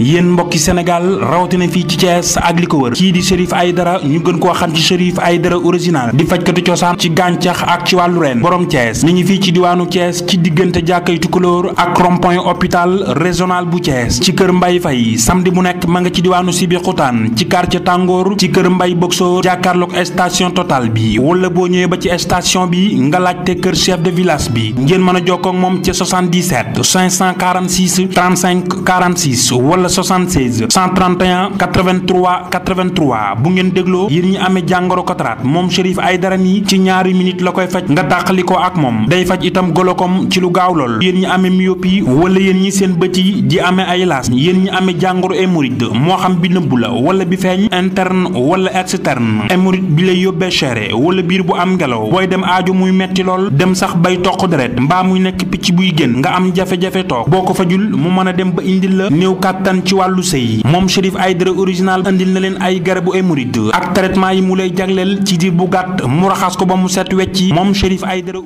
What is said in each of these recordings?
yéen mbokki Sénégal rawatina fii ci Thiès ak li ko wër kii di serif ay dara ñu gën koo xam ci ay dara original di fajkati cosaan ci gàncax ak ci wàllu reen borom Thiès ni ñu fii ci diwaanu Thiès ci diggante jàkkay Tukulóor ak rond-point hôpital régional bu Thiès ci kër Mbay Fay samedi bu nekk ma nga ci diwaanu Sibi Xutaan ci quartier Tàngoor ci kër Mbay Boxoor jàkkaarloog station Total bi wala boo ñëwee ba ci station bi nga laajte kër chef de village bi ngeen mën a jokkoo ak moom ci 77 546 35 46 wala 76 131 83 83 bu ngeen dégloo ame ñi katrat. jàngoro kotaraat moom Chérif Aïdara mi ci ñaari minute la koy faj nga ak mom day faj itam golokom ci lu gaaw lool yéen ñi amee myopie wala yéen ñi seen di ame ay laas yéen ñi amee jàngoro hémorroïde moo xam bi nëbbu la wala bi feeñ interne wala externe hémorroïde bi lay yóbbee chéré wala biir bu am ngelaw booy dem aajo muy metti dem sax bay toq deret mbaa muy nekk picc buy nga am jafe-jafe toog boko fajul mu mën dem ba indil la néew askan ci wàllu sëy moom Chérif Aïdara original andil na leen ay garabu hémorroïde ak traitement yi mu lay jagleel ci diir bu gàtt mu raxas ko ba mu set wecc moom Chérif Aïdara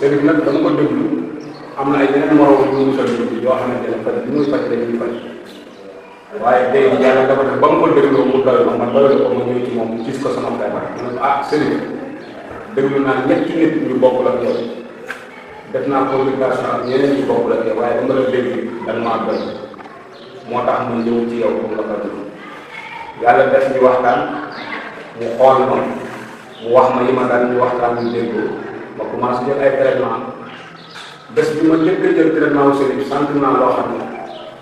Chérif nag dama ko déglu am mu musal ko mu doy ci moom gis ko sama feebar ma ne ko ah Chérif déglu naa ñetti nit ñu bokk la yow def naa communication ak ñeneen ñu bokk la yow waaye moo tax kan? kan, ma ñëw ci yow pour ko yàlla def ñu waxtaan mu xool ma kan. mu wax ma yi ma daan ñu waxtaan ñu déggoo ma commencé jël ay traitement bés bi ma njëkk a jël traitement aussi bi sant naa loo xam ne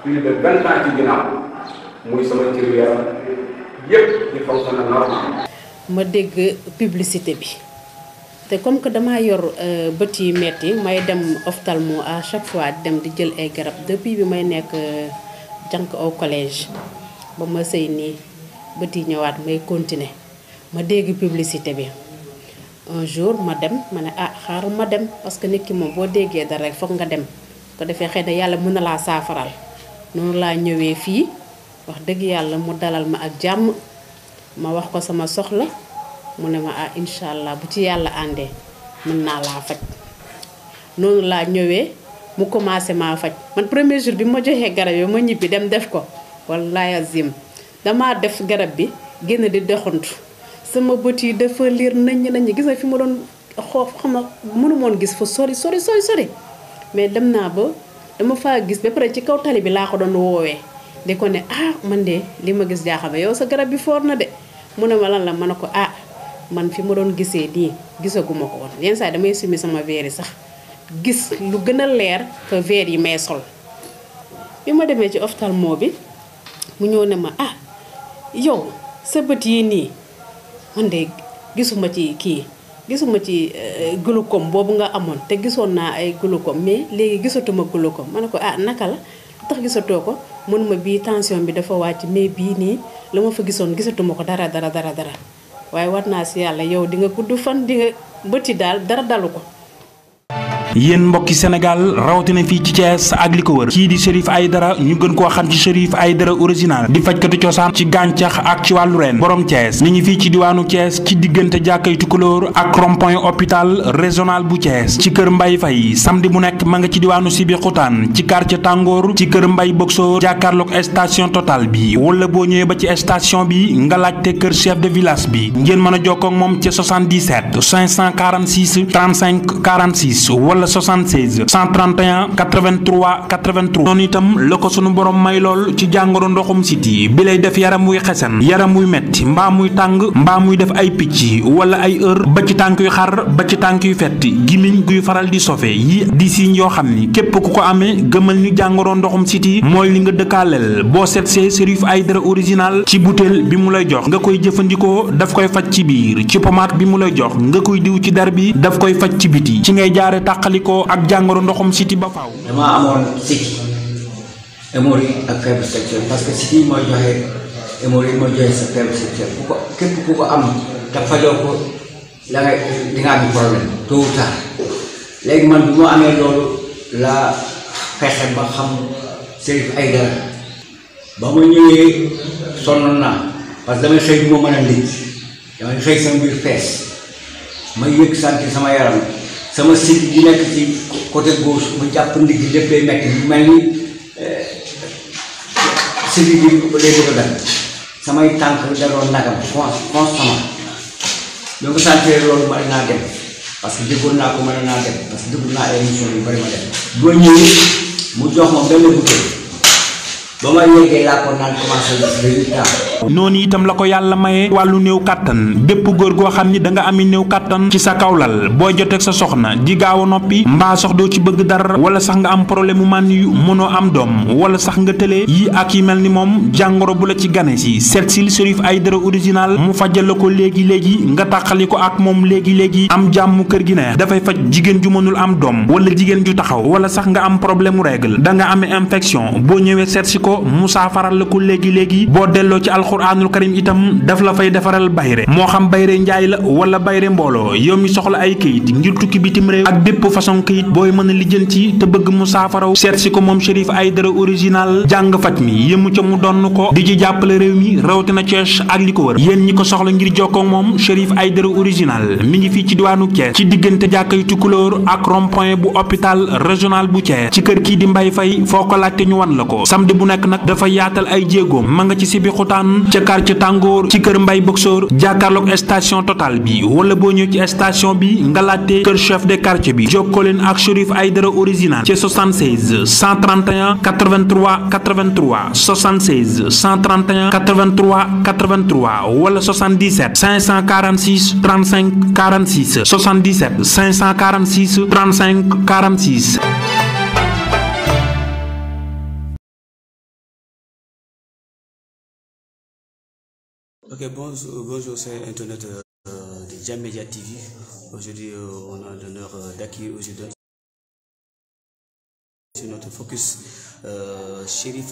plus de vingt ans ci ginnaaw muy sama di fonctionne normal ma dégg publicité bi te comme que dama yor eh, bët metti may dem oftalmo à chaque fois dem di jël ay garab depuis bi may nekk eh, jànq aw collège ba ma sëy nii bët yi ñëwaat may continuer ma dégg publicité bi un jour ma dem ma ne ah xaaru ma dem parce que nit ki moom boo déggee dara rek foog nga dem ko defee xëy na yàlla mun na laa saafaral noonu laa ñëwee fii wax dëgg yàlla mu dalal ma ak jàmm ma wax ko sama soxla mu ne ma ah incha allah bu ci yàlla àndee mun naa laa faj noonu laa ñëwee. mu commencé maa faj man premier jour bi ma joxee garab yi ma ñibbi dem def ko wallaay azim damaa def garab bi génn di doxantu sama bët yi dafa liir nañ naññ naññ gis nga fi ma doon xoof xam na mënu moon gis fa sori sori sori sori mais dem naa ba dama faa gis ba pare ci kaw tali bi laa ko doon woowee di ko ne ah man de li ma gis jaaxal ba yow sa garab bi foor na de mu ne ma lan la ma ne ko ah man fi ma doon gisee nii gisaguma ko woon yenn saa yi damay sumi sama veeri sax gis lu gën a leer que verre yi may sol bi ma demee ci ophtalmo bi mu ñëw ne ma ah yow sa bët yi nii man de gisuma ci kii gisuma ci eh, glaucome boobu nga amoon te gisoon naa ay glaucome mais léegi gisatuma glaucome ma ne ko ah naka la lu tax gisatoo ko mun ma bii tension bi dafa wàcc mais bii nii la ma fa gisoon gisatuma ko dara dara dara dara waaye war naa si yàlla yow di nga gudd fan di nga bëti daal dara dalu ko yéen mbokki Sénégal rawatina fii ci Thiès ak li ko wër kii di ay dara ñu gën koo xam ci ay dara original di fajkati cosaan ci gàncax ak ci wàllu reen borom Thiès mi ñu fii ci diwaanu Thiès ci diggante jàkkay Tukulóor ak rond-point hôpital bu Thiès ci kër Mbay Fay samedi bu nekk ma nga ci diwaanu Sibi Xutaan ci quartier Tàngoor ci kër Mbay Boxoor jàkkaarloog station Total bi wala boo ñëwee ba ci station bi nga laajte kër chef de village bi ngeen mën a jokkoo ak moom ci 77 546 35 46 wala wala 76 131 83 83 noonu itam la ko sunu borom may lool ci jàngoro ndoxum siti bi lay def yaram wuy xesan yaram wuy metti mbaa muy tàng mbaa muy def ay picc yi wala ay heure ba ci tànk yu xar ba ci tànk yu fetti gimiñ guy faral di sofe yi di siiñ yoo xam ni képp ku ko amee gëmal ni jàngoro ndoxum siti mooy li nga dëkkaaleel boo seet see Serif Aïdara original ci butéel bi mu lay jox nga koy jëfandikoo daf koy faj ci biir ci pomaat bi mu lay jox nga koy diw ci dar bi daf tàqalikoo ak jàngoro ndoxum siti ba faw damaa amoon siti hémorroïde ak faible sexuelle parce que siti mooy joxe hémorroïde mooy joxe sa faible sexuelle ku ko képp ku ko am te fajoo ko la ngay di nga problème tôt ou léegi man bu ma amee loolu laa fexe ba xam Chérif Aïdara ba ma ñëwee sonn naa parce que damay xëy bi ma mën a liggéey damay xëy sama biir fees ma yëg santi sama yaram sama sikk gi nekk ci côté gauche mu jàpp ndigg lépp day métti bu mel ni sikk gi day bëgg a dal samay tànk daloon nagam constamment ñoo ko loolu mën naa dem parce que déggoon naa ko ma naa dem parce que déggoon naa émission yu bari ma dem boo ñëwee mu jox ma benn bouteille ba ma noonu itam la ko yàlla maye wàllu néew kàttan bépp góor goo xam ni danga nga ami néew kàttan ci sa kawlal booy joteeg sa soxna di gaaw a noppi mbaa sox doo ci bëgg dara wala sax nga am problème mu man yu mënoo am doom wala sax nga tëlee yi ak yi mel ni moom jàngoro bu la ci gane si seet sil ay dara original mu fajal la ko léegi léegi nga tàqali ko ak moom léegi léegi am jàmm kër gi ne dafay faj jigéen ju mënul am doom wala jigéen ju taxaw wala sax nga am problème mu règle ko musaafaral la ko léegi-léegi boo delloo ci alxuraanul karim itam daf la fay defaral bayre moo xam bayre njaay la wala bayre mbooloo yow mi soxla ay kayit ngir tukki bitim réew ak bépp façon kayit booy mën a lijjanti te bëgg mu saafaraw seet si ko moom Chérif Aïdara original jàng faj mi yëmu ca mu donn ko di ci jàppale réew mi rawatina Thiès ak li ko wër yéen ñi ko soxla ngir jokkoo moom Chérif Aïdara original mi ngi fii ci diwaanu Thiès ci diggante jàkkay Tukulóor ak rond-point bu hôpital régional bu Thiès ci kër kii di Mbaye Faye nag dafa yaatal ay jéegoom ma nga ci sibi xutaan ca quartier tàngoor ci kër mbay boxoor jàkkaarloog station total bi wala boo ñëw ci station bi nga laajte kër chef de quartier bi jokkoo leen ak Chérif Aïdara original ci 76 131 83 83 76 131 83 83 wala 77 546 35 46 77 546 35 46 Ok, bonjour, bonjour c'est Internet euh, de Jam TV. Aujourd'hui, euh, on a l'honneur euh, d'accueillir aujourd'hui notre focus euh, Shérif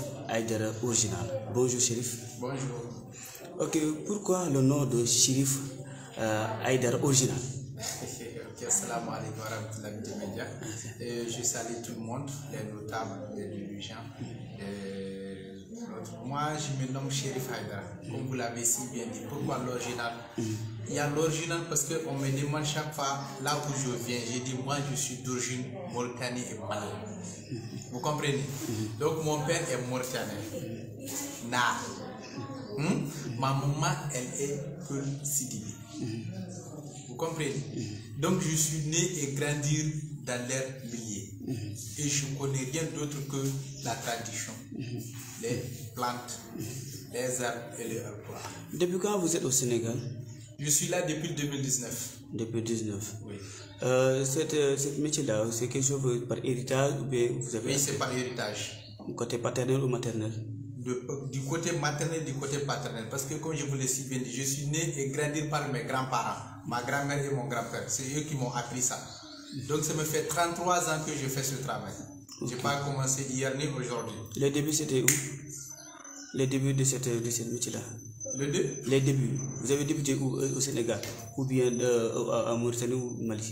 Original. Bonjour Shérif. Bonjour. Ok, pourquoi le nom de Shérif Haider Original Ok, assalamu alaikum wa Je salue tout le monde, les notables, les dirigeants, moi, je me nomme Sherif Haïdara, comme vous l'avez si bien dit. Pourquoi l'original Il y a l'original parce qu'on me demande chaque fois, là où je viens, j'ai dit, moi, je suis d'origine morcanique et malienne. Vous comprenez Donc, mon père est mauricanien. Nah. Hmm? Ma maman, elle est Peul Sidibé. Vous comprenez Donc, je suis né et grandi dans l'ère et je connais rien d'autre que la tradition, mhm. les plantes, les arbres et les arbres. Depuis quand vous êtes au Sénégal Je suis là depuis 2019. Depuis 2019 Oui. Euh, cette, euh, cette métier-là, c'est quelque chose par héritage ou bien vous avez... Oui, c'est par héritage. Côté paternel ou maternel euh, du côté maternel, du côté paternel. Parce que comme je vous l'ai si bien dit, je suis né et grandi par mes grands-parents, ma grand-mère et mon grand-père. C'est eux qui m'ont appris ça. Donc ça me fait 33 ans que je fais ce travail. Je n'ai pas commencé hier ni aujourd'hui. Le début c'était où Le début de, cette, métier là Le début Les débuts. Vous avez débuté où euh, Au Sénégal Ou bien euh, à Mauritanie ou au Mali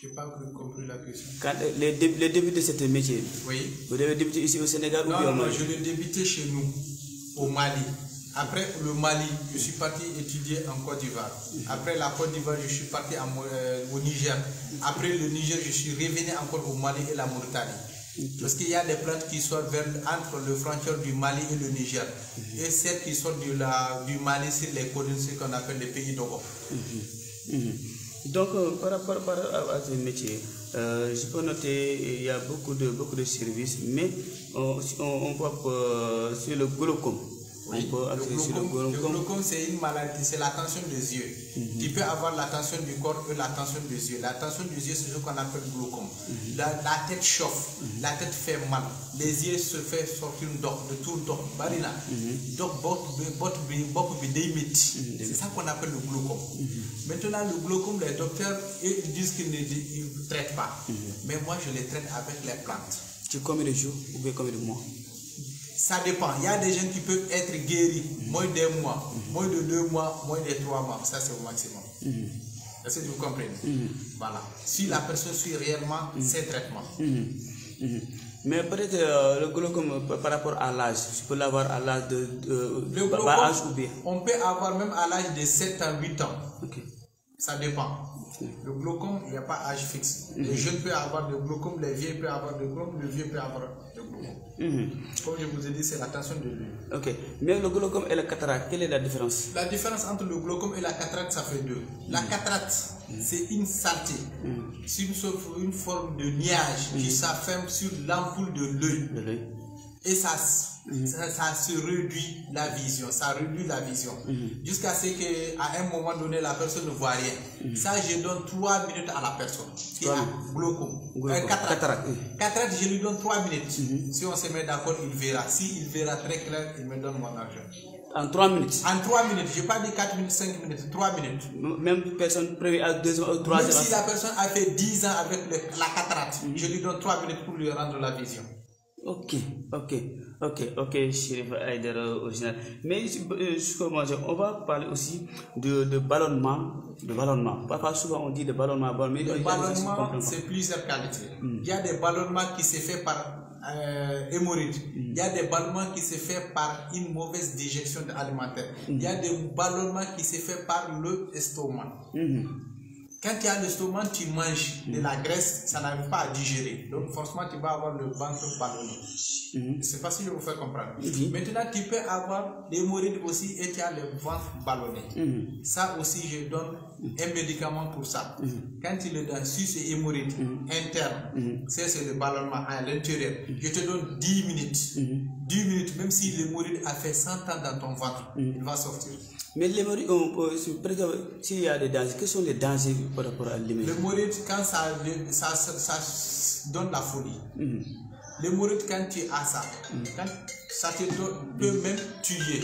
je n'ai pas compris la question. Euh, le, début de cette métier, oui. vous avez débuté ici au Sénégal ou au Mali Non, je l'ai débuté chez nous, au Mali. Après le Mali, je suis parti étudier en Côte d'Ivoire. Mhm. Après la Côte d'Ivoire, je suis parti au Niger. Après le Niger, je suis revenu encore au Mali et la Mauritanie. Parce qu'il y a des plantes qui sortent entre le frontière du Mali et le Niger. Et celles qui sortent du Mali sur les colonies, ce qu'on appelle les pays d'Europe. Donc, euh, par rapport à, ce métier, euh, je peux noter il y a beaucoup de, beaucoup de services, mais on, voit euh, sur le glaucome, le glaucome, c'est une maladie, c'est la tension des yeux. Mhm. Tu peux avoir la tension du corps et la tension des yeux. La tension des yeux, c'est ce qu'on appelle glaucome. Mhm. la, tête chauffe, mhm. la tête fait mal, les yeux se font sortir de tout le barina. Donc, beaucoup C'est ça qu'on appelle le glaucome. Maintenant, le glaucome, les docteurs ils disent qu'ils ne traitent pas. Mais moi, je les traite avec les plantes. Tu combien de jours ou bien combien de mois ça dépend. Il y a des gens qui peuvent être guéris moins d'un mois, moins de deux mois, moins de trois mois. Ça, c'est au maximum. Mm-hmm. Est-ce que vous comprenez mm-hmm. Voilà. Si la personne suit réellement mm-hmm. ses traitements. Mais peut-être euh, le glaucome euh, par rapport à l'âge, tu peux l'avoir à l'âge de, le glaucome, On peut avoir même à l'âge de 7 à 8 ans. Ça dépend. Le glaucome, il n'y a pas âge fixe. Le jeune Les jeunes peuvent avoir le glaucome, les vieux peuvent avoir le glaucome, le vieux peut avoir comme je vous ai dit, c'est la tension de l'œil. Ok. Mais le glaucome et la cataracte, quelle est la différence La différence entre le glaucome et la cataracte, ça fait deux. La cataracte, c'est une saleté. Mm. C'est une, forme de niage qui mm. s'affirme sur l'ampoule de l'œil. Et ça ça, ça, se réduit la vision, ça réduit la vision. Mhm. Jusqu'à ce qu'à un moment donné, la personne ne voit rien. Mhm. Ça, je donne 3 minutes à la personne. Qui a glaucome. Euh, cataracte. je lui donne 3 minutes. Mhm. Si on se met d'accord, il verra. Si il verra très clair, il me donne mon argent. En 3 minutes En 3 minutes. Je n'ai pas dit 4 minutes, 5 minutes, 3 minutes. Même personne prévue à 2 ou 3 ans. si la personne a fait 10 ans avec la cataracte, je lui donne 3 minutes pour lui rendre la vision. Ok, ok. Ok, ok, Chérif Aider original. Mais euh, jusqu'au manger, on va parler aussi de, de ballonnement. De ballonnement. Parfois, souvent, on dit de ballonnement. mais le ballonnement, c'est plusieurs qualités. Hmm. Il y a des ballonnements qui se font par euh, hmm. Il y a des ballonnements qui se font par une mauvaise digestion alimentaire. Hmm. Il y a des ballonnements qui se font par le estomac. Quand tu as le stomac, tu manges de mm. la graisse, ça n'arrive pas à digérer. Donc forcément, tu vas avoir le ventre ballonné. C'est facile de vous faire comprendre. Mm-hmm. Maintenant, tu peux avoir morines aussi et tu as le ventre ballonné. Mm-hmm. Ça aussi, je donne un médicament pour ça. Mm-hmm. Quand il est dans, si c'est hémorroïde mm-hmm. interne, mm-hmm. c'est le ballonnement à l'intérieur. Je te donne 10 minutes. 10 minutes, même si l'hémorroïde a fait 100 ans dans ton ventre, il va sortir. Mais l'hémorroïde, euh, euh, s'il y a des dangers, quels sont les dangers par rapport à l'hémorroïde L'hémorroïde, quand ça, ça, ça, donne la folie. L'hémorroïde, quand tu as ça, ça te peut même tuer.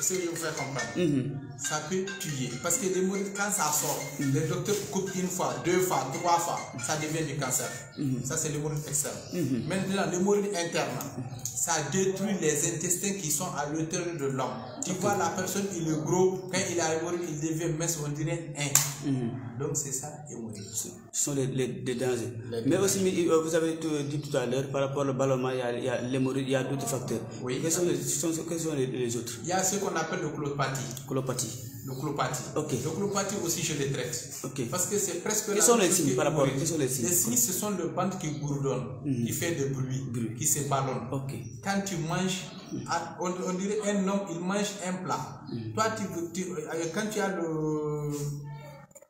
C'est ce que je vous fais comprendre ça peut tuer. Parce que les quand ça sort, les docteurs coupent une fois, deux fois, trois fois, ça devient du cancer. Mhm. Ça, c'est les externe mhm. Maintenant, les interne internes, ça détruit les intestins qui sont à l'intérieur de l'homme. Tu vois, la personne, il est gros, quand il a une il devient mince, on dirait un. Mhm. Donc, c'est ça, hémorragie. Ce sont les, les, dangers. Mais aussi, euh, vous avez dit tout à l'heure, par rapport au ballonnement, il y a il y a, d'autres facteurs. Oui. Quels sont, les, quels sont les, autres Il y a ce qu'on appelle le colopathie. Colopathie. L'oculopathie. L'oculopathie. Ok. aussi, je les traite. Parce que c'est presque. Quels les signes par les signes ce sont les bandes qui bourdonnent, mm. qui fait des bruits, qui se ballonnent. Ok. Quand tu manges, on, dirait un homme, il mange un plat. Mm. Toi, tu, euh, quand tu as le.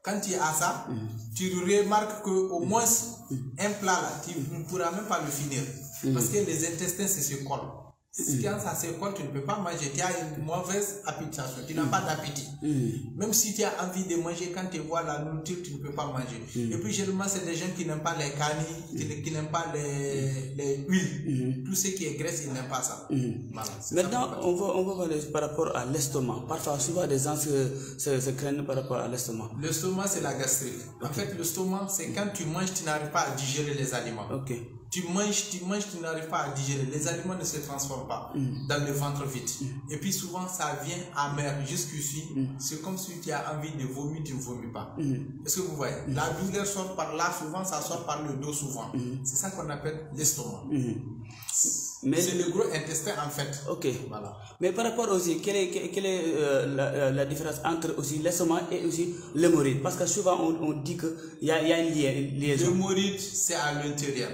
Quand tu as ça, mm. tu remarques qu'au moins un plat là, tu ne pourras même pas le finir. Parce que les intestins, c'est ce si mm. Quand ça c'est quoi tu ne peux pas manger. Tu as une mauvaise appétition. Tu n'as mm. pas d'appétit. Mm. Même si tu as envie de manger, quand tu vois la nourriture, tu ne peux pas manger. Et puis, généralement, c'est des gens qui n'aiment pas les canis, qui n'aiment pas les, les huiles. Tout ce qui est graisse, ils n'aiment pas ça. Maintenant, on, va, on va parler par rapport à l'estomac. Parfois, souvent, des gens se, se, craignent par rapport à l'estomac. L'estomac, c'est la gastrite. En fait, l'estomac, c'est quand tu manges, tu n'arrives pas à digérer les aliments. ok tu manges, tu manges, tu n'arrives pas à digérer. Les aliments ne se transforment pas mm. dans le ventre vite. Mm. Et puis souvent, ça vient amer jusqu'ici. Mm. C'est comme si tu as envie de vomir, tu ne vomis pas. Est-ce que vous voyez La douleur sort par là, souvent, ça sort par le dos, souvent. C'est ça qu'on appelle l'estomac. Mais... C'est le gros intestin en fait. Ok. Voilà. Mais par rapport aussi, quelle est, quelle est euh, euh, la, différence entre aussi l'estomac et aussi Parce que souvent on, on dit qu'il y a, y a une liaison. L'hémorite, c'est à l'intérieur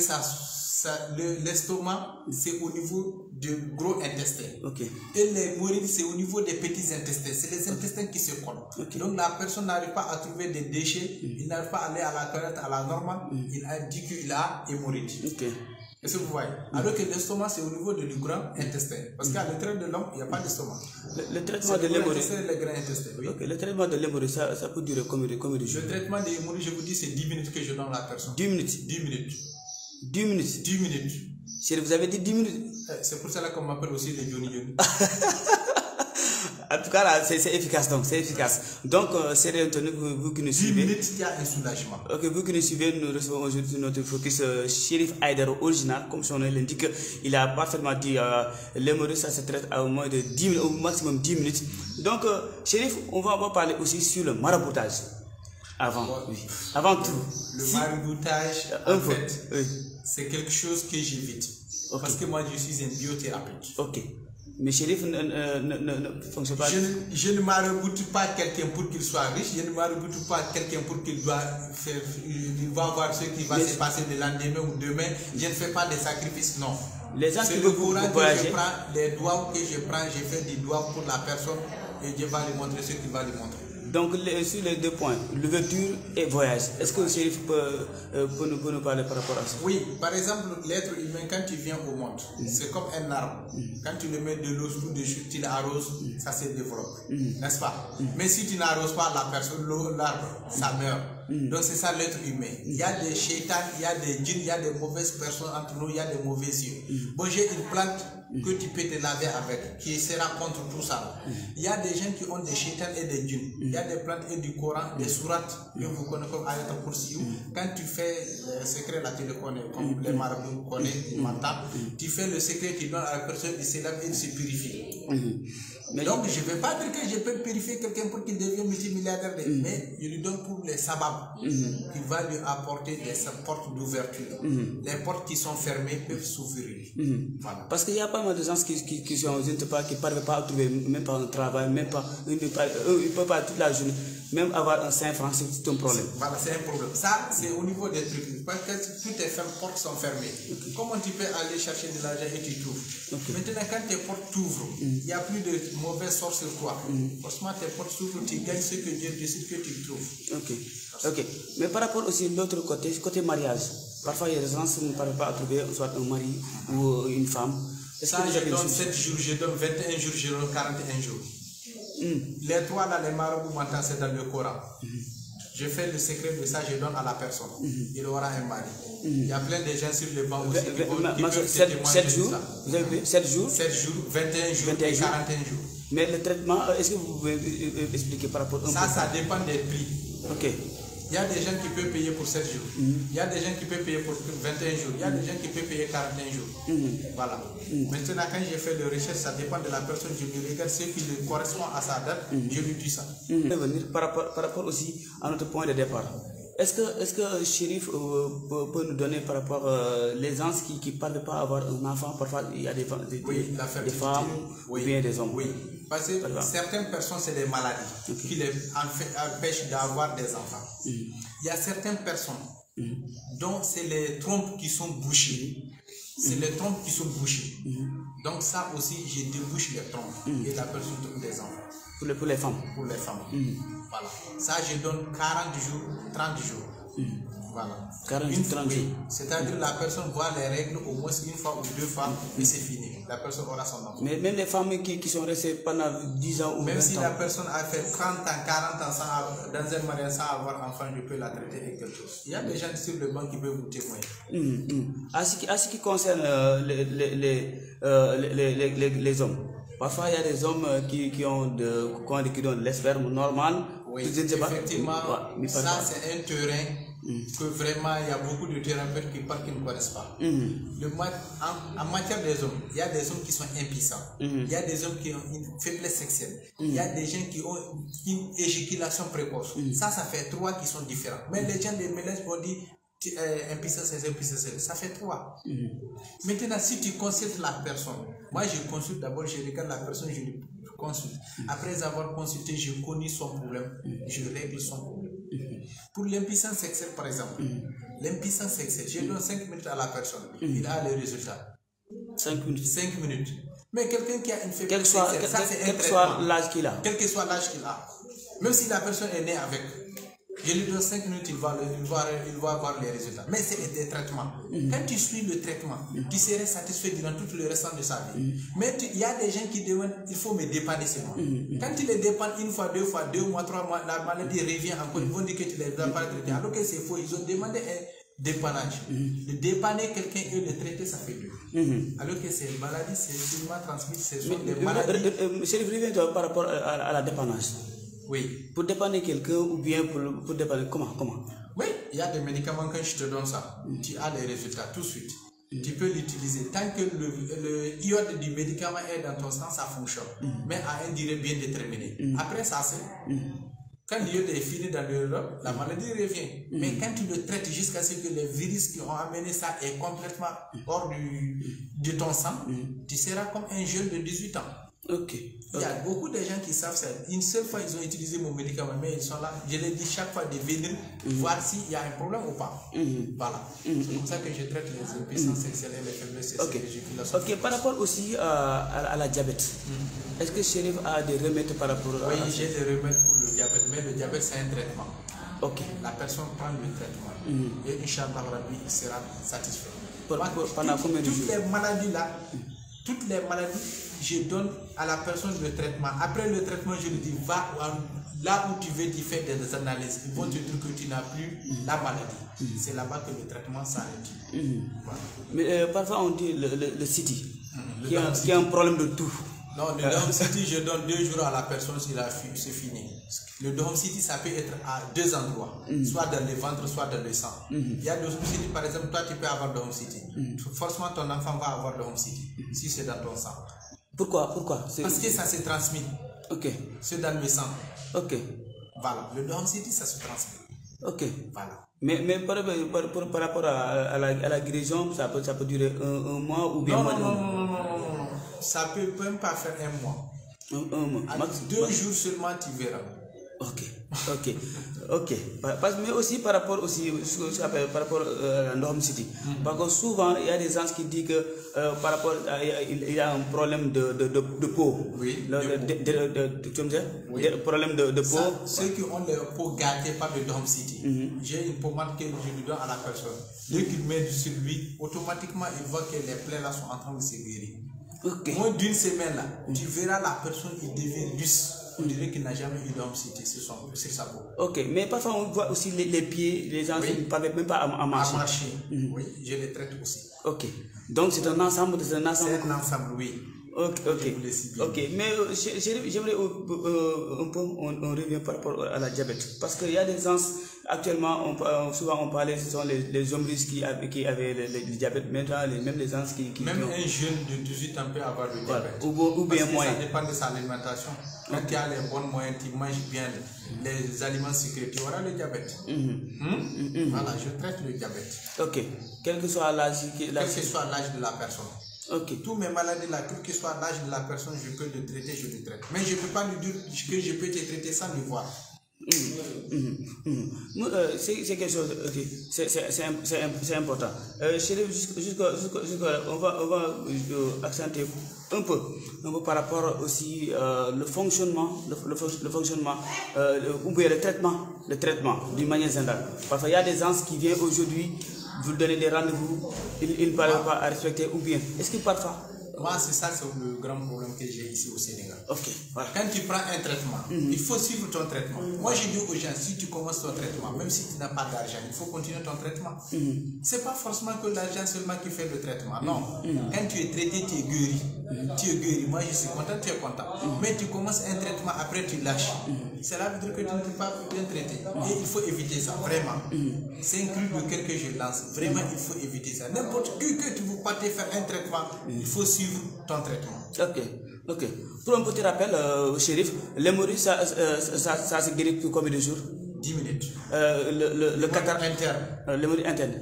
ça, ça l'estomac, c'est au niveau du gros intestin. Et les c'est au niveau des petits intestins. C'est les intestins qui se collent. Donc la personne n'arrive pas à trouver des déchets, il n'arrive pas à aller à la toilette à la normale, il a dit qu'il a hémorragie. Est-ce que vous voyez Alors que l'estomac, c'est au niveau du grand intestin. Parce qu'à l'intérieur de l'homme, il n'y a pas d'estomac. Le, traitement de l'hémorragie. C'est le Le traitement de l'hémorragie, ça, ça, peut durer combien de, jours Le traitement de l'hémorragie, je vous dis, c'est 10 minutes que je donne à la personne. 10 minutes 10 minutes. 10 minutes. 10 minutes. Chérie, vous avez dit 10 minutes. Eh, c'est pour cela qu'on m'appelle aussi le Johnny Johnny. en tout cas, là, c'est efficace, donc, c'est efficace. Donc, euh, vous, vous, qui nous suivez. 10 minutes, il y a un soulagement. Ok, vous qui nous suivez, nous recevons aujourd'hui notre focus euh, Chérif Haider original. Comme son nom l'indique, il a parfaitement dit, euh, ça se traite à au moins de 10 au maximum 10 minutes. Donc, Shérif, euh, on va, on va parler aussi sur le maraboutage. Avant, tout. Le si... maraboutage, en c'est quelque chose que j'évite. Parce que moi, je suis un biothérapeute. Ok. Mais Chérif ne, ne, fonctionne pas. Je, ne maraboute pas quelqu'un pour qu'il soit riche, je ne maraboute pas quelqu'un pour qu'il doit va voir ce qui va se passer le lendemain ou demain. Je ne fais pas des sacrifices, non. Les gens le que je prends, les doigts que je prends, je fais des doigts pour la personne et je vais lui montrer ce qu'il va lui montrer. Donc, sur les deux points, l'ouverture et voyage, est-ce que le shérif peut, euh, peut, nous, parler par rapport à ça Oui, par exemple, l'être humain, quand tu viens au monde, mm. c'est comme un arbre. Mm. Quand tu le mets de l'eau sous dessus, tu l'arroses, arrose, mm. ça se développe, n'est-ce pas Mais si tu n'arroses pas la personne, l'arbre, ça meurt. Donc c'est ça l'être humain. Il y a des chétans, il y a des djinns, il y a des mauvaises personnes entre nous, il y a des mauvais yeux. Bon, j'ai une plante que tu peux te laver avec, qui sera contre tout ça. Mm. Il y a des gens qui ont des chétans et des djinns. Il y a mm. des plantes et du Coran, des mm. sourates que vous connaissez comme Ayat al-Kursi. Quand tu fais le secret, là tu le connais, comme les marabouts connaissent, Tu fais le secret, tu donnes à la personne, il se lave et il se purifie. Mais Donc je ne vais pas dire que je peux purifier quelqu'un pour qu'il devienne multimilliardaire, mais je lui donne pour les sabbats. qui va lui apporter des portes d'ouverture. Les portes qui sont fermées peuvent s'ouvrir. Voilà. Parce qu'il n'y a pas il de gens qui, qui, qui sont ne pas, qui ne parviennent pas à trouver même pas un travail, même pas, euh, ils ne peuvent pas toute la journée, même avoir un saint français c'est un problème. Voilà, c'est un problème. Ça, c'est au niveau des trucs. Parce que toutes les portes sont fermées. Comment tu peux aller chercher de l'argent et tu trouves Maintenant, quand tes portes t'ouvrent, mm. il n'y a plus de mauvais sort sur toi. Mm. tes portes s'ouvrent, tu gagnes ce que Dieu décide que tu trouves. Ok. Ok. Mais par rapport aussi à l'autre côté, côté mariage, parfois il y a des gens qui ne parviennent pas à trouver soit un mari ou euh, une femme. Ça, je donne 7 jours, je donne 21 jours, je donne 41 jours. Hmm. Les trois là, les marabouts c'est dans le Coran. Hmm. Je fais le secret de ça, je donne à la personne. Hmm. Il aura un mari. Il y a plein de gens sur le banc aussi. Qui vont, 7, jours, ça. 7 jours 7 jours, 21 jours, et 41 jours. Mais le traitement, est-ce que vous pouvez euh, euh, expliquer par rapport à Ça, ça dépend des prix. Ok. Il y a des gens qui peuvent payer pour 7 mm-hmm. jours. Il y a des gens qui peuvent payer pour 21 jours. Il y a des gens qui peuvent payer 41 jours. Voilà. Mm-hmm. Maintenant, quand j'ai fait le recherche, ça dépend de la personne. Je lui regarde ce qui correspond à sa date. Mm-hmm. Je lui dis ça. Par rapport, aussi à notre point de départ. Est-ce que, est que Shérif euh, peut, nous donner par rapport à euh, les qui ne parlent pas avoir un enfant Parfois, il y a des, femmes ou bien des hommes certaines personnes, c'est des maladies qui les empêchent d'avoir des enfants. Il y a certaines personnes dont c'est les trompes qui sont bouchées. C'est les trompes qui sont bouchées. Donc ça aussi, je débouche les trompes et la personne trouve des enfants. Pour les, pour les femmes Pour les femmes. Voilà. Ça, je donne 40 jours, 30 jours. Voilà. Une C'est-à-dire la personne voit les règles au moins une fois ou deux fois et c'est fini. La personne aura son enfant. Mais même les femmes qui, qui sont restées pendant 10 ans ou Même si la personne a fait 30 ans, 40 ans sans, dans un mariage sans avoir enfant, je peux la traiter avec quelque chose. Il y a des gens sur le banc qui peuvent vous témoigner. Mmh, À, ce qui, concerne les, les, les, les, les hommes. Parfois, il y a des hommes qui, qui ont de, qui donnent l'esperme normal. Oui, effectivement, ça c'est un terrain Mm-hmm. que vraiment il y a beaucoup de thérapeutes qui parlent qui ne connaissent pas. Mm-hmm. Le, en, en, matière des hommes, il y a des hommes qui sont impuissants, mm-hmm. il y a des hommes qui ont une faiblesse sexuelle, il y a des gens qui ont une éjaculation précoce. Ça, ça fait trois qui sont différents. Mais les gens des mélanges vont dire euh, impuissance, impuissance, ça fait trois. Maintenant, si tu consultes la personne, moi je consulte d'abord, je regarde la personne, je consulte. Après avoir consulté, je connais son problème, je règle son problème. Pour l'impuissance sexuelle, par exemple, l'impuissance sexuelle, j'ai donne 5 minutes à la personne, mm. il a les résultats 5 minutes. 5 minutes. Mais quelqu'un qui a une faiblesse sexuelle, que soit l'âge qu'il a. Quel que soit l'âge qu'il a. Même si la personne est née avec, je lui donne 5 minutes, il va, le, il va, il les résultats. Mais c'est des traitements. Mm. Quand tu suis le traitement, mm. tu serais satisfait durant tout le restant de sa vie. Mm. Mais il y a des gens qui demandent, il faut me dépanner seulement. Quand tu les dépannes une fois, deux fois, deux mois, trois mois, la maladie revient encore. Ils vont dire que tu les as pas traités. Alors que c'est faux, ils ont demandé un dépannage. De dépanner quelqu'un et le traiter, ça fait deux. Alors que c'est une maladie, c'est seulement transmise. ce sont des euh, euh, maladies. Chérif, euh, reviens par rapport à, la dépannage. Oui. Pour dépanner quelqu'un ou bien pour, pour dépanner comment comment Oui, il y a des médicaments quand je te donne ça, tu as les résultats tout de suite. Mm. Tu peux l'utiliser tant que le, le, iode du médicament est dans ton sang, ça fonctionne, mm. mais à un durée bien déterminée. Mm. Après ça, c'est quand l'iode est fini dans le l'Europe, la maladie revient. Mais quand tu le traites jusqu'à ce que les virus qui ont amené ça est complètement hors du, de ton sang, tu seras comme un jeune de 18 ans. Ok. Il y a beaucoup de gens qui savent ça. Une seule fois, ils ont utilisé mon médicament, mais ils sont là. Je les dis chaque fois de venir voir mhm. voir s'il y a un problème ou pas. Mhm. Voilà. Mhm. C'est comme ça que je traite les impuissances sexuelles et les faiblesses Ok, par rapport aussi euh, à, la diabète, est-ce que Chérif a des remèdes par rapport à Oui, j'ai des remèdes pour le diabète, mais le diabète, c'est un traitement. Ok. La personne prend le traitement et Inch'Allah, il sera satisfait. Pour, pour, pendant combien de jours Toutes les maladies là, toutes les maladies je donne à la personne le traitement. Après le traitement, je lui dis, va là où tu veux, tu fais des analyses. Ils vont te dire que tu n'as plus la maladie. Mm-hmm. C'est là-bas que le traitement s'arrête. Mm-hmm. Mais euh, parfois, on dit le, le, city, mm-hmm. qui, a, un problème de tout. Non, le home City, je donne deux jours à la personne si c'est fini. Le home City, ça peut être à deux endroits, soit dans le ventre, soit dans le sang. Il y a home City, par exemple, toi tu peux avoir home City. Forcément, ton enfant va avoir home City, si c'est dans ton sang. Pourquoi Pourquoi Parce que ça se transmet. Ok. C'est dans le sang. Ok. Voilà. Le c'est dit ça se transmet. Ok. Voilà. Mais, mais par, par, rapport à, la, à, guérison, ça peut, ça peut durer un, mois ou bien non, mois non, non, non, non, Ça peut même pas faire un mois. Un, mois. deux jours seulement, tu verras ok ok ok parce mais aussi par rapport aussi par rapport euh, à norme City mm-hmm. parce que souvent il y a des gens qui disent que euh, par rapport à, il y a un problème de de de, peau oui le, tu me dis oui. un problème de, de peau ceux qui ont leur peau gâtée par le City mm-hmm. j'ai une pommade que je lui donne à la personne dès qu'il met sur lui automatiquement il voit que les plaies là sont en train de se guérir Ok. moins d'une semaine là mm-hmm. tu verras la personne il devient lisse on dirait qu'il n'a jamais eu d'homme cité c'est son, sa Ok, mais parfois on voit aussi les, les pieds, les gens ne même pas à, marcher. À marcher, mm. oui, je les traite aussi. Ok, donc c'est un ensemble, c'est un ensemble. C'est un ensemble, oui. Ok, ok. ok mais euh, j'aimerais euh, euh, un peu, on, revient par rapport à la diabète. Parce qu'il y a des gens, actuellement, on, souvent on parlait, ce sont les, hommes riches qui, qui avaient le, diabète, maintenant, les, même les gens qui. même un jeune de 18 ans peut avoir le diabète. Ou, bien Parce Ça dépend de sa alimentation. Quand okay. tu as les bons moyens, tu manges bien les aliments sucrés, tu auras le diabète. Mm-hmm. Hmm? Mm-hmm. Voilà, je traite le diabète. Ok. Quel que soit l'âge de la personne. Ok, tous mes maladies-là, quel que soit l'âge de la personne, je peux le traiter, je le traite. Mais je ne peux pas lui dire que je peux te traiter sans le voir. Mm-hmm. Mm-hmm. Mm-hmm. Euh, c'est quelque chose, c'est important. Euh, jusqu'à, on va, euh, accentuer un peu, par rapport aussi euh, le fonctionnement, le, fonctionnement, euh, ou bien le traitement, le traitement d'une manière générale. Parce qu'il y a des gens qui viennent aujourd'hui vous donnez des rendez-vous, il ne parlent pas à respecter ou bien Est-ce que parfois moi, c'est ça, c'est le grand problème que j'ai ici au Sénégal. ok Quand tu prends un traitement, mhm. il faut suivre ton traitement. Mhm. Moi, je dis aux gens, si tu commences ton traitement, même si tu n'as pas d'argent, il faut continuer ton traitement. Mhm. C'est pas forcément que l'argent seulement qui fait le traitement. Non. Quand tu es traité, tu es guéri tu es guéri, moi je suis content, tu es content. Mais tu commences un traitement, après tu lâches. c'est là que tu ne peux pas bien traiter. Et il faut éviter ça, vraiment. C'est un cri de cœur que je lance. Vraiment, il faut éviter ça. N'importe qui que tu veux pas te faire un traitement, il faut suivre ton traitement. Ok. Ok. Pour un petit rappel, euh, shérif, l'hémorragie, ça, euh, ça, ça, se guérit depuis combien de jours 10 minutes. Euh, le, le, le cataracte interne. Euh, l'hémorragie interne.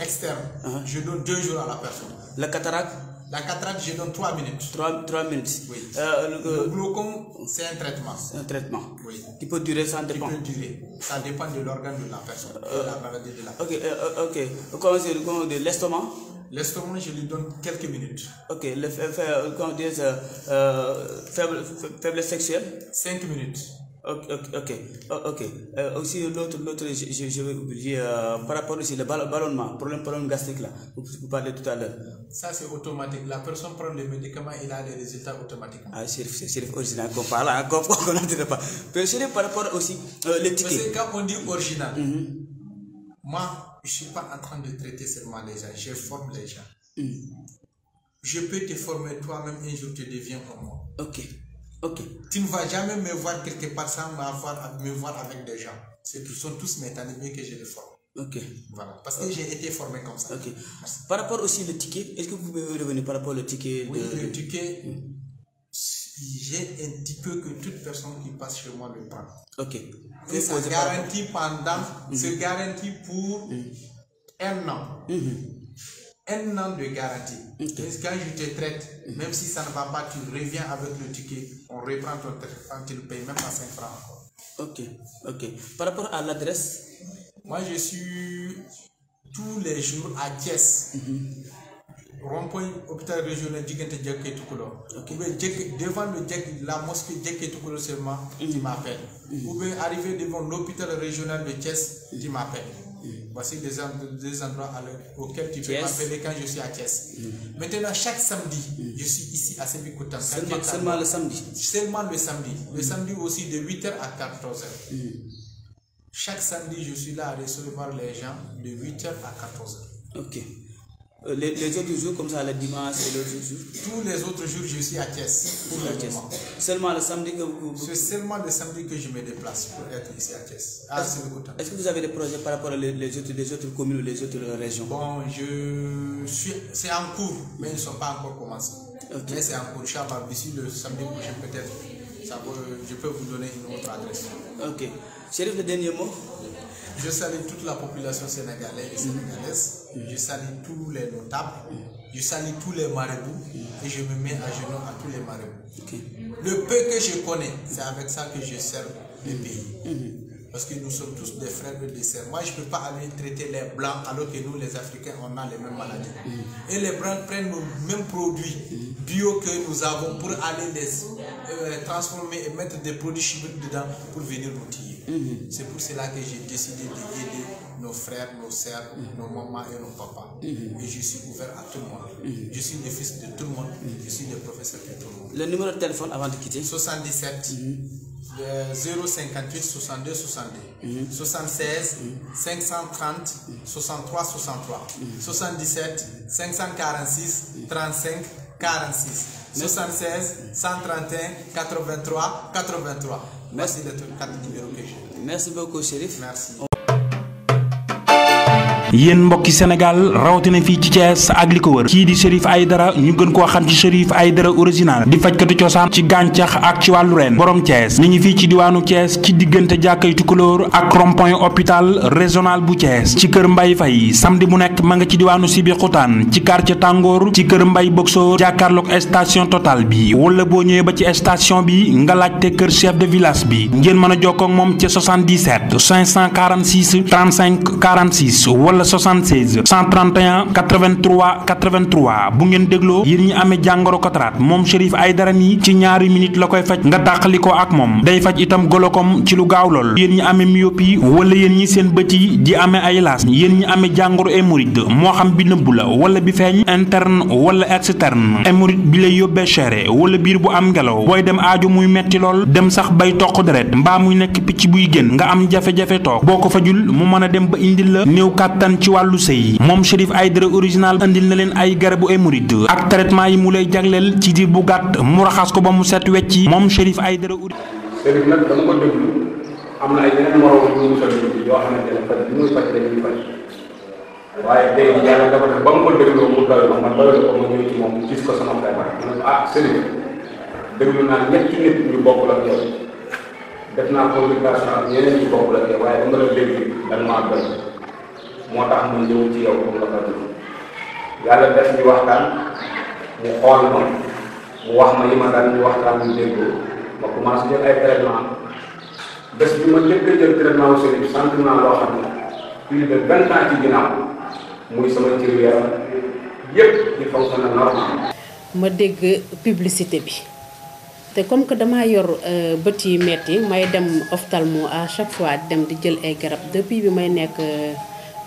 externe. Uh-huh. Je donne deux jours à la personne. Le cataracte la cataracte, je donne 3 minutes. 3, 3 minutes. Oui. Euh, le, euh, le c'est un traitement. un traitement. Oui. Qui peut durer, ça dépend. Qui peut durer. Ça dépend de l'organe de la personne, euh, de la maladie de la personne. Euh, euh, ok, ok. Comment c'est l'estomac L'estomac, je lui donne quelques minutes. Ok, le, comment dire euh, faible, faible sexuelle 5 minutes. Ok, ok, ok. Oh, euh, aussi, l'autre, l'autre, je, vais oublier, euh, par rapport aussi, le ballonnement, problème, problème gastrique là, vous, parlez tout à l'heure. Ça, c'est automatique. La personne prend le médicaments, il a les résultats automatiquement. Ah, c'est c'est original On parle, encore hein, qu'on n'entend pas. Mais c'est par rapport aussi, euh, les Parce que quand on dit original, mm-hmm. moi, je ne suis pas en train de traiter seulement les gens, je forme les gens. Mm. Je peux te former toi-même, un jour tu deviens comme moi. Ok. Ok. Tu ne vas jamais me voir quelque part sans me voir avec des gens. Ce sont tous mes mieux que je les forme. Ok. Voilà. Parce que j'ai été formé comme ça. Ok. Par rapport aussi au ticket, est-ce que vous pouvez revenir par rapport au ticket de... Oui, le ticket, mm. j'ai un petit peu que toute personne qui passe chez moi le prend. Ok. garanti pendant, c'est mm. garanti pour mm. un an. Mm-hmm un an de garantie. quand je te traite, même si ça ne va pas, tu reviens avec le ticket, on reprend ton traitement, tu le payes même pas 5 francs encore. Ok, ok. Par rapport à l'adresse Moi, je suis tous les jours à Thiès. Mhm. Rond-point hôpital régional Djigente Djeké Toukolo. Devant le Djek, la mosquée Djeké seulement, mm tu mhm. m'appelles. Mm arriver devant l'hôpital régional de Thiès, tu m'appelles. Voici des, endroits auxquels tu peux m'appeler quand je suis à Thiès. Mm. Maintenant, chaque samedi, mm. je suis ici à Sébikoutan. Seulement, le samedi Seulement le samedi. Le mm. samedi aussi de 8h à 14h. Chaque samedi, je suis là à recevoir les gens de 8h à 14h. Ok. Euh, les, les, autres jours, comme ça, le dimanche et le jour Tous les autres jours, je suis à Thiès. Pour la Thiès. Seulement le samedi que vous. C'est seulement le samedi que je me déplace pour être ici à Thiès. Ah, Est-ce est que vous avez des projets par rapport aux les autres, les autres communes ou les autres régions Bon, je suis. C'est en cours, mais ils ne sont pas encore commencés. Mais c'est en cours. mais d'ici le samedi prochain, peut-être, je peux vous donner une autre adresse. Ok. Chérif, le dernier mot je salue toute la population sénégalaise et sénégalaise. Je salue tous les notables. Je salue tous les marabouts. Et je me mets à genoux à tous les marabouts. Le peu que je connais, c'est avec ça que je sers le pays. Mhm. Parce que nous sommes tous des frères de dessert. Moi, je ne peux pas aller traiter les blancs alors que nous, les Africains, on a les mêmes maladies. Mhm. Et les blancs prennent nos mêmes produits mhm. bio que nous avons pour aller les euh, transformer et mettre des produits chimiques dedans pour venir nous tirer. Mhm. C'est pour cela que j'ai décidé de guider nos frères, nos sœurs, mhm. nos mamans et nos papas. Mhm. Et je suis ouvert à tout le monde. Je suis le fils de tout le monde. Je suis le professeur de tout le monde. Le numéro de téléphone avant de quitter 77 058 62 62 76 530 63 63 77 546 35 46 76 131 83 83 Merci d'être le cadre numéro que Merci beaucoup, Chérif. Merci. yéen mbokki Sénégal rawatina fii ci Thiès ak li ko wër kii di serif ay dara ñu gën koo xam ci Chérif dara original di fajkati cosaan ci gàncax ak ci wàllu reen borom Thiès ni ñu fii ci diwaanu Thiès ci diggante jàkkay Tukulóor ak rond-point hôpital régional bu Thiès ci kër Mbay Fay samedi bu nekk ma nga ci diwaanu Sibi Xutaan ci quartier Tàngoor ci kër Mbay Boxoor jàkkaarloog station Total bi wala boo ñëwee ba ci station bi nga laajte kër chef de village bi ngeen mën a jokkoo ak moom ci 77 546 35 46 wala 76 131 83 83 bu ngeen dégloo yéen ñi amee jàngoro cataracte moom Chérif Aïdara mi ci ñaari minute la koy faj nga tàqalikoo ak mom day faj itam golokom ci lu gaaw ame yéen ñi amee myopie wala yéen ñi seen bët di ame ay laas yéen ñi amee jàngoro hémorroïde moo xam bi nëbbu la wala bi feeñ interne wala externe hémorroïde bi lay chéré wala bu am ngelaw booy dem aaju muy metti dem sax bay toq deret mbaa muy nekk picc buy génn nga am jafe-jafe tok boo fajul mu mën dem ba indil la bakkan ci wàllu sëy moom Chérif Aïdara original andil na leen ay garabu hémorroïde ak traitement yi mu lay jagleel ci diir bu gàtt mu raxas ko ba mu set wecc moom Chérif Aïdara Chérif nag dama ko déglu am na ay yeneen moroom yu ñu soxla yoo xamante ne faj bi muy faj dañuy faj waaye day yàlla dafa def ba mu ko dégloo mu doy ma man doyul ko ma ñëw ci moom gis ko sama feebar ma ne ko ah Chérif déglu naa ñetti nit ñu bokkul ak yow def naa communication ak yeneen ñu bokkul ak yow waaye dama la déglu da nga maa doy moo tax ma ñëw ci yow pour la def ñu mu xool ma mu wax ma li ma dal ñu waxtaan ñu déggoo ma commencé jël ay traitement bés bi ma jëkk jël traitement wu sëriñ sant ci muy sama yépp di fonctionne normal ma dégg publicité bi te comme que dama yor eh, bët metti may dem oftalmo à chaque fois dem di jël ay garab depuis bi may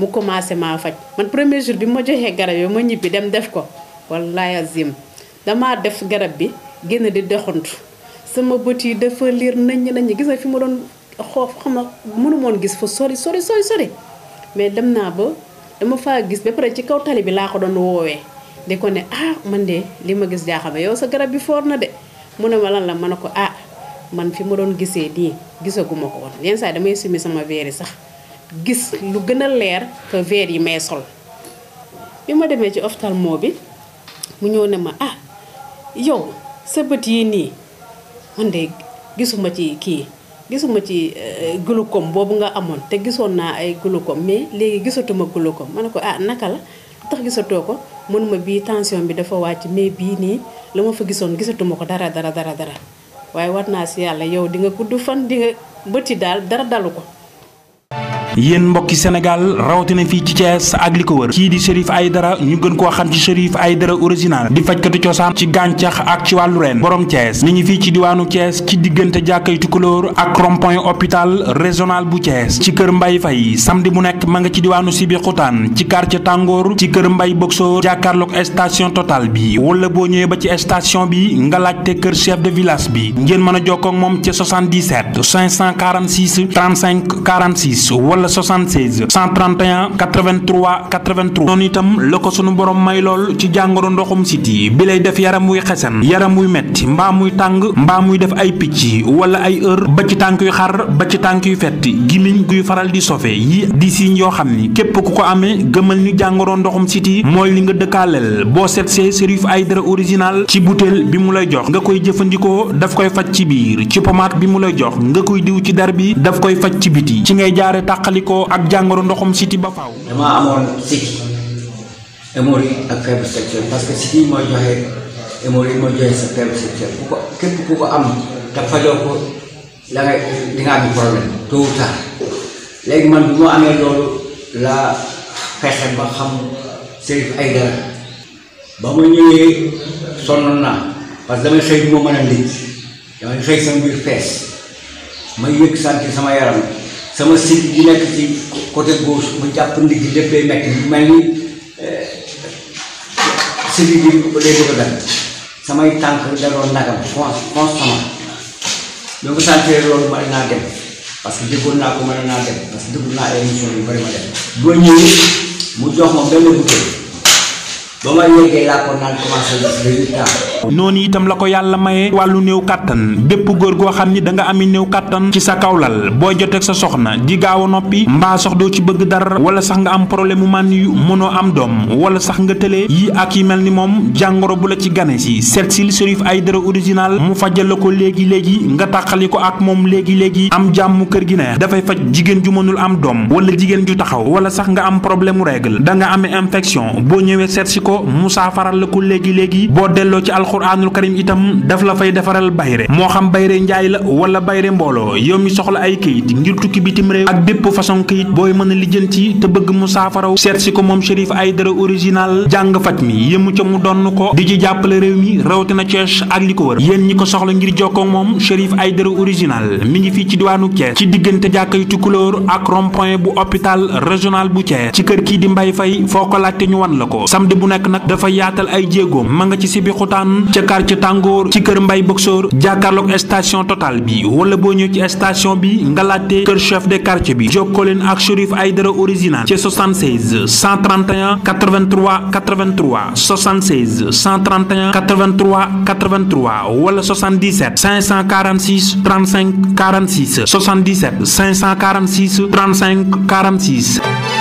mu commencé maa faj man premier jour bi ma joxee garab yi ma ñibbi dem def ko wallaay azim damaa def garab bi génn di doxantu sama bët yi dafa liir nañ naññ naññ gis nga fi ma doon xoof xam na mënu gis fa sori sori sori sori mais dem naa ba dama faa gis ba pare ci kaw tali bi laa ko doon woowee di ko ne ah man de li ma gis jaaxal yow sa garab bi foor na de mu ne ma lan la ma ne ko ah man fi ma doon gisee nii gisaguma ko woon yenn saa yi damay sumi sama veeri sax gis lu gën a leer que verre yi may sol bi ma demee ci ophtalmo bi mu ñëw ne ma ah yow sa bët yi nii man de gisuma ci kii gisuma ci eh, glaucome boobu nga amoon te gisoon naa ay glaucome mais léegi gisatuma glaucome ma ne ko ah naka la tax gisatoo ko mën ma bii tension bi dafa wàcc mais bii nii la ma fa gisoon gisatuma ko dara dara dara dara waaye yow di nga gudd fan di nga bëti daal dara dalu ko yéen mbokki Sénégal rawatina fii ci Thiès ak li ko wër kii di serif ay dara ñu gën koo xam ci serif ay dara original di fajkatu cosaan ci gàncax ak ci wàllu reen borom Thiès ni ñu fii ci diwaanu Thiès ci diggante jàkkay tukulóor ak rond-point hôpital régional bu Thiès ci kër Mbay Fay samedi bu nekk ma nga ci diwaanu Sibi Xutaan ci quartier Tàngoor ci kër Mbay Boxoor jàkkaarloog station Total bi wala boo ñëwee ba ci station bi nga laajte kër chef de village bi ngeen mën a jokkoo ak moom ci 77 546 35 46 wala 76 131 83 83 noonu itam la ko sunu borom may lool ci jàngoro ndoxum siti bi lay def yaram wuy xesan yaram wuy metti mbaa muy tàng mbaa muy def ay picc wala ay heure ba ci tànk yu xar ba ci tànk yu fetti gimiñ guy faral di sofe yi di siiñ yoo xam ni képp ku ko amee gëmal ni jàngoro ndoxum siti mooy li nga dëkkaaleel boo seet see ay dara originale ci butéel bi mu lay jox nga koy jëfandikoo daf koy faj ci biir ci pomaat bi mu lay jox nga koy diw ci dar bi ko ak jàngoro ndoxum siti ba faw damaa amoon siti hémorroïde ak faible sexuelle parce que siti mooy joxe hémorroïde mooy joxe sa faible sexuelle ku ko képp ku ko am te fajoo ko la ngay di nga problème tôt ou léegi man bi ma amee loolu laa fexe ba xam Cherif Aïdara ba ma ñëwee sonnoon naa parce que damay xëy bi ma mën a ndékki damay xëy sama biir fees may yëg santi sama yaram sama sit gi nekk ci côté gauche ma jàpp ndigg léppay nekk mel ni eh, sit bi day bëgg a dal samay tànk daloon nagam constamment donc sentir loolu ma naa dem parce que déggoon naa ko ma naa dem parce que déglu naa émission yu bari ma dem boo ñëwee mu jox ma benn bouteille bama yegge la ko nan commencé gis noni itam la ko yalla maye walu neew katan bepp goor go xamni da nga ami neew katan ci sa kawlal bo jot ak sa soxna di gaaw nopi mba sox do ci bëgg dar wala sax nga am problème man yu mono am dom wala sax nga tele yi ak yi melni mom jangoro bu la ci gané ci sertil original mu fajal ko legi legi nga takhaliko ak mom legi legi am jamm kër gi neex da fay faj jigen ju mënul am dom wala jigen ju taxaw wala sax nga am problème règle da nga infection bo ñëwé serti ko musaafaral la ko léegi-léegi boo delloo ci alxuraanul karim itam daf la fay defaral bayre moo xam bayre njaay la wala bayre mbooloo yow mi soxla ay kayit ngir tukki bitim réew ak bépp façon kayit booy mën a lijjanti te bëgg mu saafaraw seet si ko moom Chérif Aïdara original jàng faj mi yëmu ca mu donn ko di ci jàppale réew mi rawatina Thiès ak li ko wër yéen ñi ko soxla ngir jokkoo moom ay Aïdara original mi ngi fii ci diwaanu Thiès ci diggante jàkkay Tukulóor ak rond-point bu hôpital régional bu Thiès ci kër kii di Mbay Fay nekk nag dafa yaatal ay jéegoom ma nga ci Sébikotane ca quartier tàngoor ci kër mbay boxoor jàkkaarloog station total bi wala boo ñëw ci station bi nga laajte kër chef de quartier bi jokkoo leen ak Chérif Aïdara original ci 76 131 83 83 76 131 83 83 wala 77 546 35 46 77 546 35 46